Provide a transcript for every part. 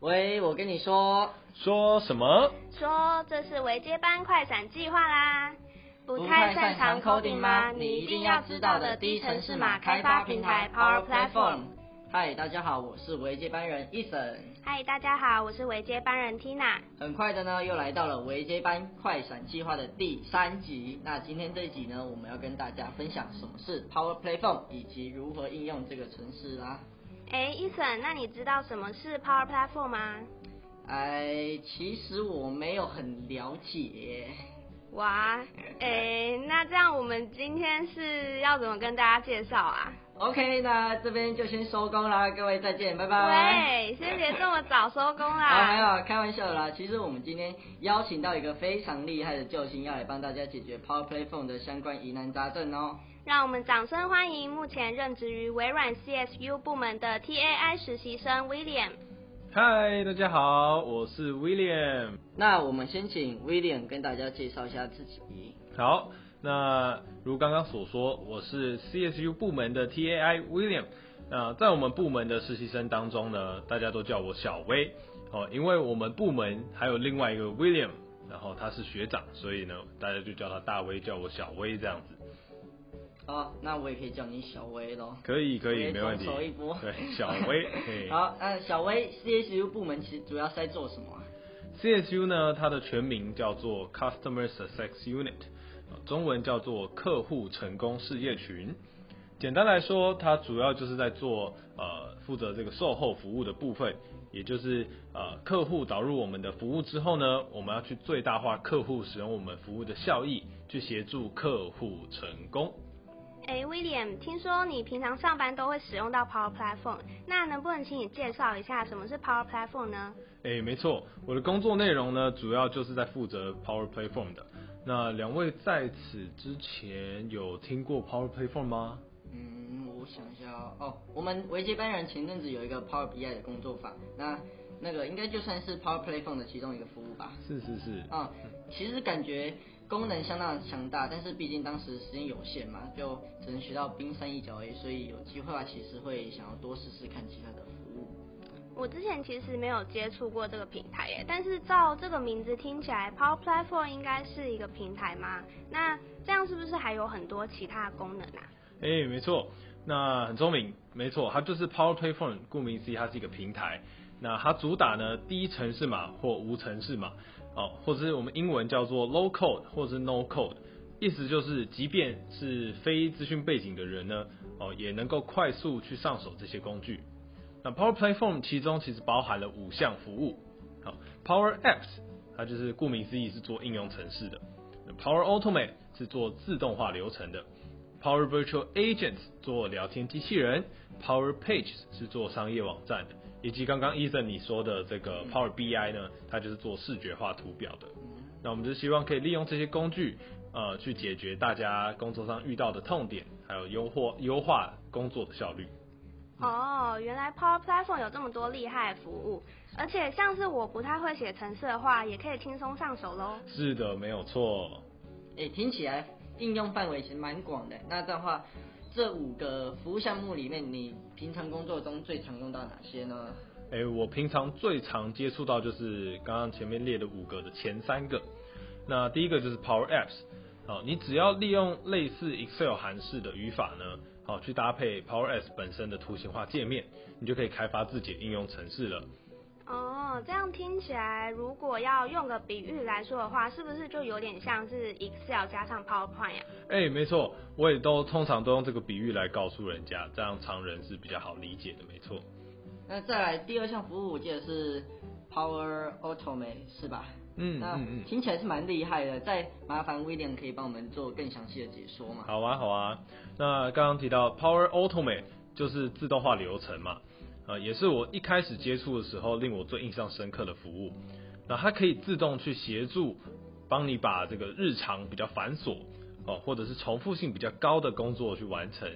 喂，我跟你說，說什麼？說這是微接班快閃計劃啦，不太擅長 coding 嗎？你一定要知道的低程式碼開發平台 Power Platform。嗨，大家好，我是微接班人 Ethan。嗨，大家好，我是微接班人 Tina。很快的呢，又來到了微接班快閃計劃的第三集。那今天這一集呢，我們要跟大家分享什麼是 Power Platform，以及如何應用這個程式啦。哎，Ethan, 那你知道什麼是 Power Platform 嗎？哎，其實我沒有很了解。哇，哎，那這樣我們今天是要怎麼跟大家介紹啊？OK，那這邊就先收工啦，各位再見，拜拜。喂，先別這麼早收工啦。沒 有，開玩笑了啦，其實我們今天邀請到一個非常厲害的救星，要來幫大家解決 Power Platform 的相關疑難雜症哦。讓我們掌聲歡迎目前任職於微軟 CSU 部門的 TAI 實習生 William。嗨，大家好，我是 William。那我們先請 William 跟大家介紹一下自己。好，那如剛剛所說，我是 CSU 部門的 TAI William。那在我們部門的實習生當中呢，大家都叫我小威哦，因為我們部門還有另外一個 William，然後他是學長，所以呢，大家就叫他大威，叫我小威這樣子。好，oh, 那我也可以叫你小薇咯，可。可以可以，okay, 沒問題。對，小薇。 Hey. 好，那小薇 CSU 部門其實主要是在做什麼啊？CSU 呢，它的全名叫做 Customer Success Unit，中文叫做客戶成功事業群。簡單來說，它主要就是在做呃負責這個售後服務的部分，也就是呃客戶導入我們的服務之後呢，我們要去最大化客戶使用我們服務的效益，去協助客戶成功。哎、欸、William，聽說你平常上班都會使用到 Power Platform，那能不能請你介紹一下什麼是 Power Platform 呢？哎、欸，沒錯，我的工作內容呢，主要就是在負責 Power Platform 的。那兩位在此之前有聽過 Power Platform 嗎？嗯，我想一下哦，我們微接班人前陣子有一個 Power BI 的工作坊，那那個應該就算是 Power Platform 的其中一個服務吧？是是是、嗯。啊、嗯，其實感覺。功能相當的強大，但是畢竟當時時間有限嘛，就只能學到冰山一角而已。所以有機會啊，其實會想要多試試看其他的服務。我之前其實沒有接觸過這個平台耶，但是照這個名字聽起來，Power Platform 應該是一個平台嗎？那這樣是不是還有很多其他功能啊？誒、欸，沒錯，那很聰明，沒錯，它就是 Power Platform。顧名思義，它是一個平台。那它主打呢，低程式碼或無程式碼。哦，或者是我們英文叫做 low code 或者是 no code，意思就是即便是非資訊背景的人呢，哦，也能夠快速去上手這些工具。那 Power Platform 其中其實包含了五項服務，好，Power Apps 它就是顧名思義是做應用程式的。那 Power Automate 是做自動化流程的，Power Virtual Agents 做聊天機器人，Power Pages 是做商業網站的。以及剛剛 Ethan 你說的這個 Power BI 呢，它就是做視覺化圖表的。那我們就希望可以利用這些工具，呃，去解決大家工作上遇到的痛點，還有優優化工作的效率。嗯、哦，原來 Power Platform 有這麼多厲害的服務，而且像是我不太會寫程式的話，也可以輕鬆上手嘍。是的，沒有錯。誒、欸、聽起來應用範圍其實蠻廣的。那的話。這五個服務項目裡面，你平常工作中最常用到哪些呢？誒、欸，我平常最常接觸到就是剛剛前面列的五個的前三個。那第一個就是 Power Apps，好，你只要利用類似 Excel 函式的語法呢，好，去搭配 Power Apps 本身的圖形化界面，你就可以開發自己的應用程式了。哦，這樣聽起來，如果要用個比喻來說的話，是不是就有點像是 Excel 加上 PowerPoint 呀、啊？哎、欸，沒錯，我也都通常都用這個比喻來告訴人家，這樣常人是比較好理解的，沒錯。那再來第二項服務，我記得是 Power Automate 是吧？嗯，那嗯嗯聽起來是蠻厲害的。再麻煩 William 可以幫我們做更詳細的解說嘛？好啊，好啊。那剛剛提到 Power Automate 就是自動化流程嘛？呃，也是我一開始接觸的時候令我最印象深刻的服務，那它可以自動去協助，幫你把這個日常比較繁瑣哦、呃，或者是重複性比較高的工作去完成，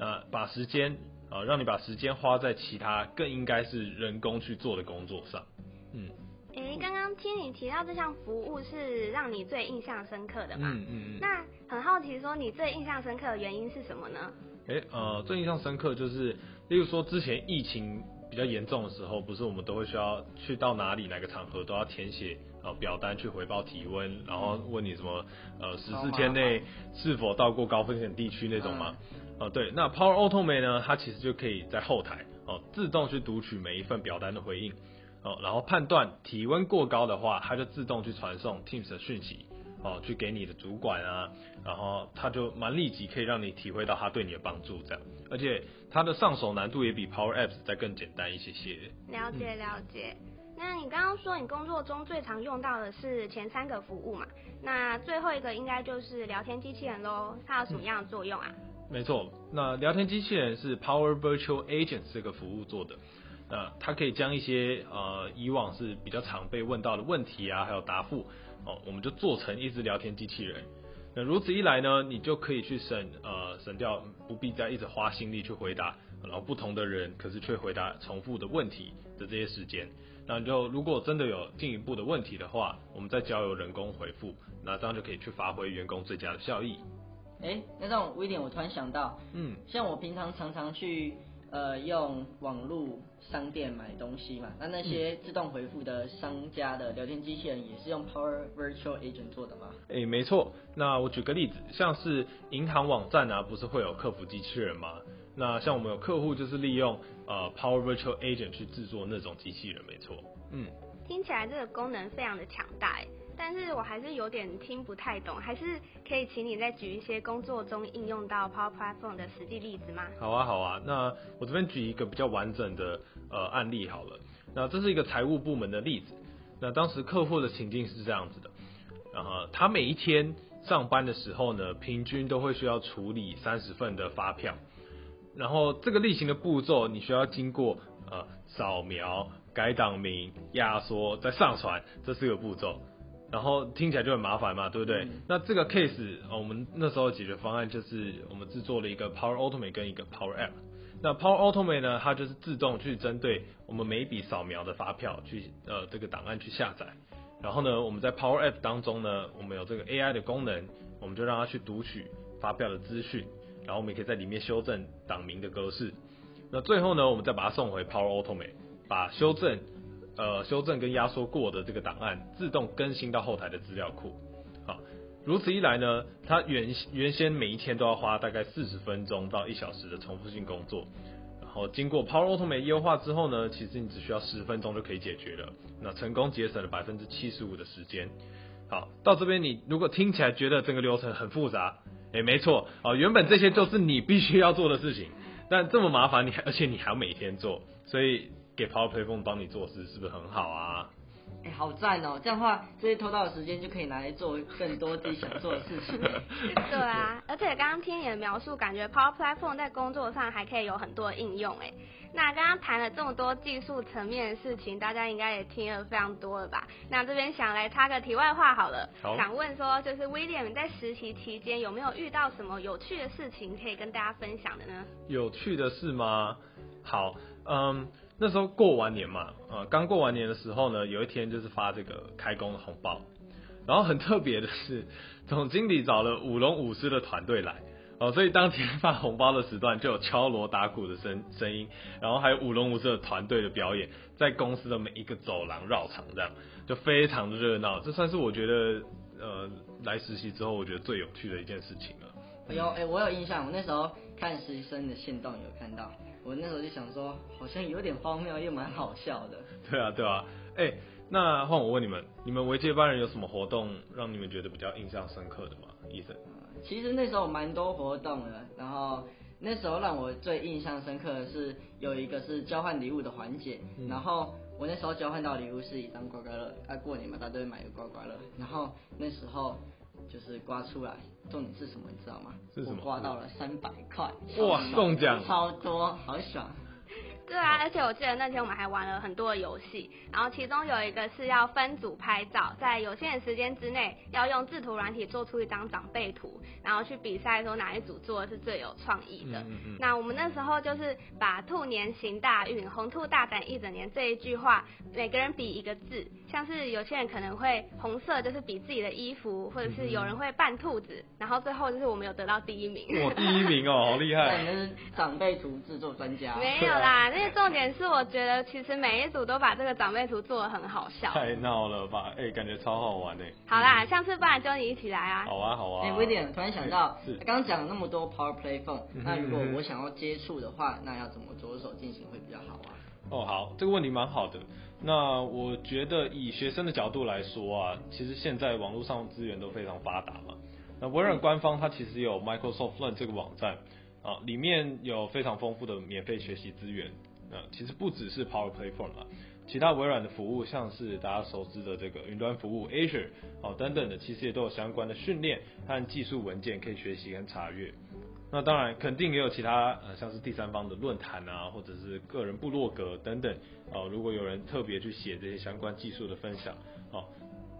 呃，把時間、呃、讓你把時間花在其他更應該是人工去做的工作上。嗯，誒、欸，剛剛聽你提到這項服務是讓你最印象深刻的嘛、嗯？嗯嗯。那很好奇說你最印象深刻的原因是什麼呢？誒、欸，呃，最印象深刻就是。例如說，之前疫情比較嚴重的時候，不是我們都會需要去到哪裡、哪個場合都要填寫呃表單去回報體溫，然後問你什麼呃十四天內是否到過高風險地區那種嗎？哦、呃，對，那 Power Automate 呢，它其實就可以在後台哦、呃、自動去讀取每一份表單的回應哦、呃，然後判斷體溫過高的話，它就自動去傳送 Teams 的訊息。哦，去給你的主管啊，然後他就蠻立即可以讓你體會到他對你的幫助這樣，而且他的上手難度也比 Power Apps 再更簡單一些些。了解了解，那你剛剛說你工作中最常用到的是前三個服務嘛？那最後一個應該就是聊天機器人嘍，它有什麼樣的作用啊？沒錯，那聊天機器人是 Power Virtual Agents 這個服務做的，呃，它可以將一些呃以往是比較常被問到的問題啊，還有答覆。哦，我們就做成一隻聊天機器人。那如此一來呢，你就可以去省呃，省掉不必再一直花心力去回答然後不同的人，可是卻回答重複的問題的這些時間。那你就如果真的有進一步的問題的話，我們再交由人工回復。那這樣就可以去發揮員工最佳的效益。哎、欸，那讓我一點我突然想到，嗯，像我平常常常去。呃，用網絡商店買東西嘛，那那些自動回復的商家的聊天機器人也是用 Power Virtual Agent 做的嗎？誒、欸，沒錯。那我舉個例子，像是銀行網站啊，不是會有客服機器人嗎？那像我們有客戶就是利用、呃、Power Virtual Agent 去製作那種機器人，沒錯。嗯，聽起來這個功能非常的強大誒。但是我還是有點聽不太懂，還是可以請你再舉一些工作中應用到 Power Platform 的實際例子嗎？好啊，好啊，那我這邊舉一個比較完整的呃案例好了。那這是一個財務部門的例子。那當時客戶的情境是這樣子的，然後他每一天上班的時候呢，平均都會需要處理三十份的發票，然後這個例行的步驟你需要經過呃掃描、改檔名、壓縮、再上傳這四個步驟。然後聽起來就很麻煩嘛，對不對？嗯、那這個 case，、哦、我們那時候解決方案就是我們制作了一個 Power Automate 跟一個 Power App。那 Power Automate 呢，它就是自動去針對我們每一筆掃描的發票去呃這個檔案去下載。然後呢，我們在 Power App 當中呢，我們有這個 AI 的功能，我們就讓它去讀取發票的資訊，然後我們也可以在裡面修正檔名的格式。那最後呢，我們再把它送回 Power Automate，把修正。呃，修正跟壓縮過的這個檔案自動更新到後台的資料庫。好，如此一來呢，它原原先每一天都要花大概四十分鐘到一小時的重複性工作，然後經過 Power Automate 優化之後呢，其實你只需要十分鐘就可以解決了。那成功節省了百分之七十五的時間。好，到這邊你如果聽起來覺得整個流程很複雜，欸，沒錯，原本這些就是你必須要做的事情，但這麼麻煩你，而且你還要每天做，所以。給 Power Platform 幫你做事是不是很好啊？哎、欸，好讚哦、喔！這樣的話，這些偷到的時間就可以拿來做更多自己想做的事情。 對啊，而且剛剛聽你的描述，感覺 Power Platform 在工作上還可以有很多的應用、欸。哎，那剛剛談了這麼多技術層面的事情，大家應該也聽了非常多了吧？那這邊想來插個題外話好了，好想問說，就是 William 在實習期間有沒有遇到什麼有趣的事情可以跟大家分享的呢？有趣的事嗎？好，嗯。那時候過完年嘛，呃，剛過完年的時候呢，有一天就是發這個開工的紅包，然後很特別的是，總經理找了舞龍舞獅的團隊來，哦，所以當天發紅包的時段就有敲鑼打鼓的聲聲音，然後還有舞龍舞獅的團隊的表演，在公司的每一個走廊繞場，這樣就非常的熱鬧，這算是我覺得，呃，來實習之後我覺得最有趣的一件事情了。有、哎，哎，我有印象，我那時候看實習生的行動有看到。我那時候就想說，好像有點荒謬，又蠻好笑的。對啊，對啊，對啊。哎，那換我問你們，你們微接班人有什麼活動讓你們覺得比較印象深刻的嗎？Ethan？其實那時候蠻多活動的，然後那時候讓我最印象深刻的是有一個是交換禮物的環節，嗯、然後我那時候交換到禮物是一張刮刮樂，因、啊、過年嘛，大家都會買一個刮刮樂，然後那時候。就是刮出來，重點是什麼，你知道嗎？是什麼？我刮到了三百塊！哇，中獎！超多，好爽！對啊，而且我記得那天我們還玩了很多的遊戲，然後其中有一個是要分組拍照，在有限的時間之內，要用製圖軟體做出一張長輩圖，然後去比賽說哪一組做的是最有創意的。嗯嗯。那我們那時候就是把兔年行大運、紅兔大展一整年這一句話，每個人比一個字。像是有些人可能會紅色就是比自己的衣服，或者是有人會扮兔子，然後最後就是我們有得到第一名。哦、第一名哦，好厲害！你是長輩圖製作專家。沒有啦，對那個重點是我覺得其實每一組都把這個長輩圖做的很好笑。太鬧了吧？哎、欸，感覺超好玩哎、欸。好啦，下次不然就你一起來啊。好啊，好啊。哎 w 點，欸、William, 突然想到，是剛剛講了那麼多 Power Platform，、嗯、哼那如果我想要接觸的話，那要怎麼着手進行會比較好啊？哦，好，這個問題蠻好的。那我覺得以學生的角度來說啊，其實現在網絡上資源都非常發達嘛。那微軟官方它其實有 Microsoft Learn 這個網站啊，裡面有非常豐富的免費學習資源。啊其實不只是 Power Platform 啊。其他微軟的服務，像是大家熟知的這個雲端服務 Azure 哦等等的，其實也都有相關的訓練和技術文件可以學習跟查閱。那當然，肯定也有其他呃像是第三方的論壇啊，或者是個人部落格等等。哦、如果有人特別去寫這些相關技術的分享，哦，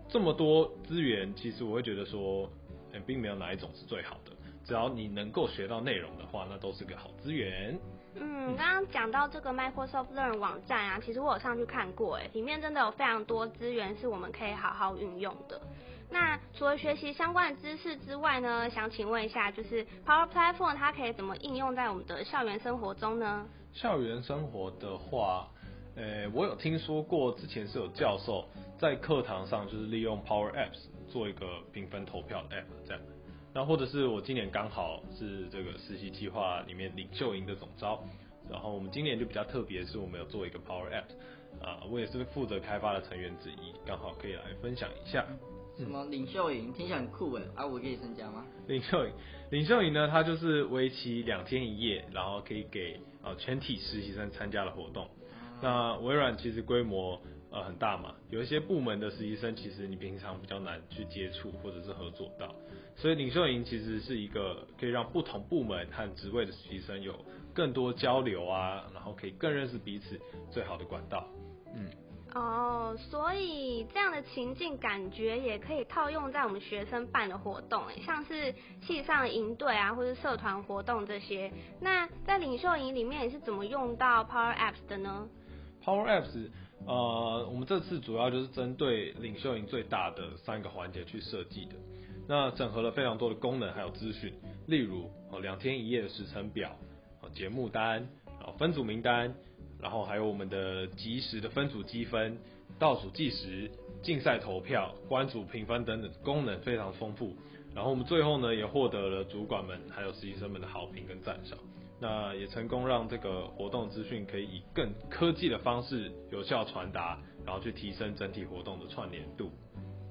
這麼多資源，其實我會覺得說、欸，並沒有哪一種是最好的。只要你能夠學到內容的話，那都是個好資源。嗯，剛剛講到這個 Microsoft Learn 網站啊，其實我有上去看過，哎，裡面真的有非常多資源是我們可以好好運用的。那除了學習相關的知識之外呢，想請問一下，就是 Power Platform 它可以怎麼應用在我們的校園生活中呢？校園生活的話，呃、欸，我有聽說過，之前是有教授在課堂上就是利用 Power Apps 做一個評分投票的 App，這樣。那或者是我今年剛好是這個實習計劃裡面領袖營的總召，嗯、然後我們今年就比較特別，是我們有做一個 Power App，啊、呃，我也是負責開發的成員之一，剛好可以來分享一下。什麼領袖營？嗯、聽起來很酷耶，啊，我可以參加嗎？領袖營，領袖營呢，它就是為期兩天一夜，然後可以給啊、呃、全體實習生參加的活動。嗯、那微軟其實規模。呃，很大嘛，有一些部門的實習生，其實你平常比較難去接觸或者是合作到，所以領袖營其實是一個可以讓不同部門和職位的實習生有更多交流啊，然後可以更認識彼此最好的管道。嗯。哦，oh, 所以這樣的情境感覺也可以套用在我們學生辦的活動，像是系上營隊啊，或是社團活動這些。那在領袖營裡面你是怎麼用到 Power Apps 的呢？Power Apps。呃，我們這次主要就是針對領袖營最大的三個環節去設計的，那整合了非常多的功能還有資訊，例如兩天一夜的時程表、節目單、分組名單，然後還有我們的即時的分組積分、倒數計時、競賽投票、關注評分等等功能非常豐富。然後我們最後呢也獲得了主管們還有實習生們的好評跟讚賞。那也成功讓這個活動資訊可以以更科技的方式有效傳達，然後去提升整體活動的串聯度。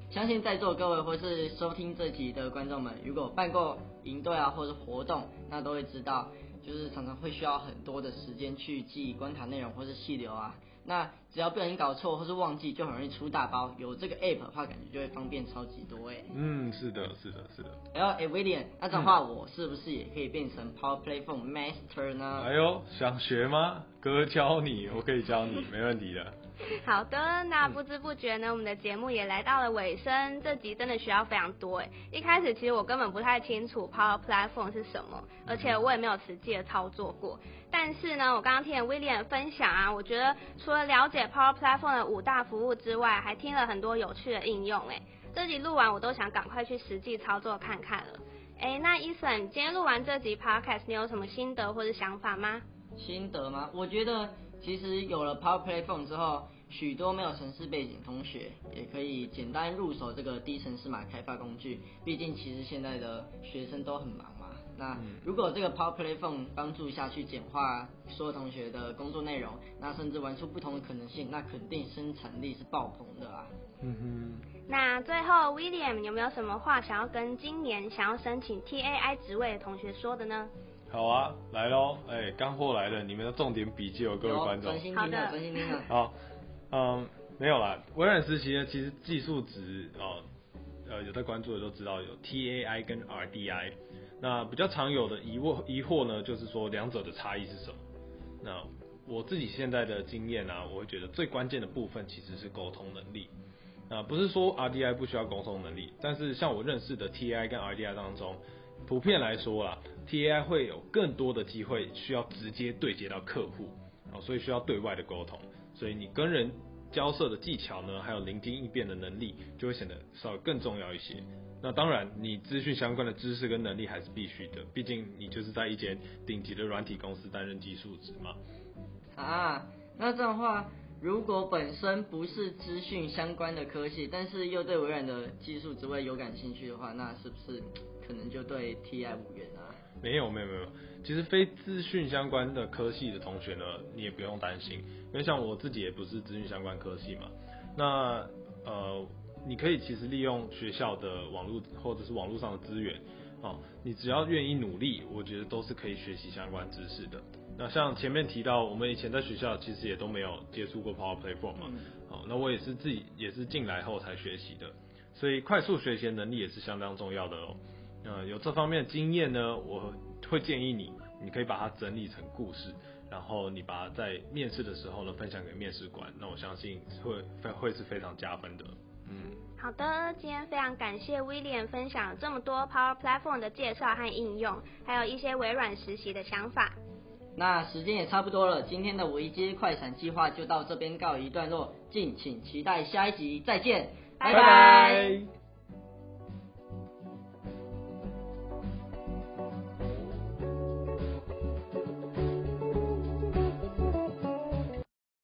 相信在座各位或是收聽這集的觀眾們，如果辦過營隊啊，或是活動，那都會知道，就是常常會需要很多的時間去記關卡內容或是細流啊。那只要不小心搞錯或是忘記，就很容易出大包。有這個 app 的話，感覺就會方便超級多哎、欸。嗯，是的，是的，是的。哎呦，哎、欸，William，那這樣話我是不是也可以變成 Power Platform Master 呢、嗯？哎呦，想學嗎？哥教你，我可以教你， 沒問題的。好的，那不知不覺呢，我們的節目也來到了尾聲。這集真的需要非常多哎，一開始其實我根本不太清楚 Power Platform 是什麼，而且我也沒有實際的操作過。但是呢，我剛剛聽了 William 分享啊，我覺得除了了解 Power Platform 的五大服務之外，還聽了很多有趣的應用哎。這集錄完我都想趕快去實際操作看看了。哎，那 Ethan 今天錄完這集 Podcast，你有什麼心得或是想法嗎？心得嗎？我覺得。其實有了 Power Platform 之後，許多沒有程式背景同學也可以簡單入手這個低程式碼開發工具。畢竟其實現在的學生都很忙嘛。那如果這個 Power Platform 幫助下去簡化所有同學的工作內容，那甚至玩出不同的可能性，那肯定生產力是爆棚的啊。嗯哼。那最後 William 有沒有什麼話想要跟今年想要申請 TAI 職位的同學說的呢？好啊，來嘍！哎、欸，乾貨來了，你們的重點筆記哦，有各位觀眾。好的，專心聽。好，嗯，沒有啦。微軟實習呢，其實技術值哦，呃，有在關注的都知道有 TAI 跟 RDI。那比較常有的疑惑疑惑呢，就是說兩者的差異是什麼？那我自己現在的經驗呢、啊，我會覺得最關鍵的部分其實是溝通能力。那不是說 RDI 不需要溝通能力，但是像我認識的 TAI 跟 RDI 當中。普遍來說啊，TAI 會有更多的機會需要直接對接到客戶，所以需要對外的溝通，所以你跟人交涉的技巧呢，還有靈機應變的能力，就會顯得稍微更重要一些。那當然，你資訊相關的知識跟能力還是必須的，畢竟你就是在一間頂級的軟體公司擔任技術職嘛。啊，那這樣的話，如果本身不是資訊相關的科系，但是又對微軟的技術職位有感興趣的話，那是不是？可能就對 TAI 無緣啊？沒有沒有沒有，其實非資訊相關的科系的同學呢，你也不用擔心，因為像我自己也不是資訊相關科系嘛。那呃，你可以其實利用學校的網絡或者是網絡上的資源，哦，你只要願意努力，我覺得都是可以學習相關知識的。那像前面提到，我們以前在學校其實也都沒有接觸過 Power Platform 嘛，嗯。哦，那我也是自己也是進來後才學習的，所以快速學習能力也是相當重要的哦。呃、嗯，有這方面的經驗呢，我會建議你，你可以把它整理成故事，然後你把它在面試的時候呢，分享給面試官，那我相信會非會是非常加分的。嗯，好的，今天非常感謝威廉分享這麼多 Power Platform 的介紹和應用，還有一些微軟實習的想法。那時間也差不多了，今天的微接快閃計劃就到這邊告一段落，敬請期待下一集，再見，拜拜。拜拜。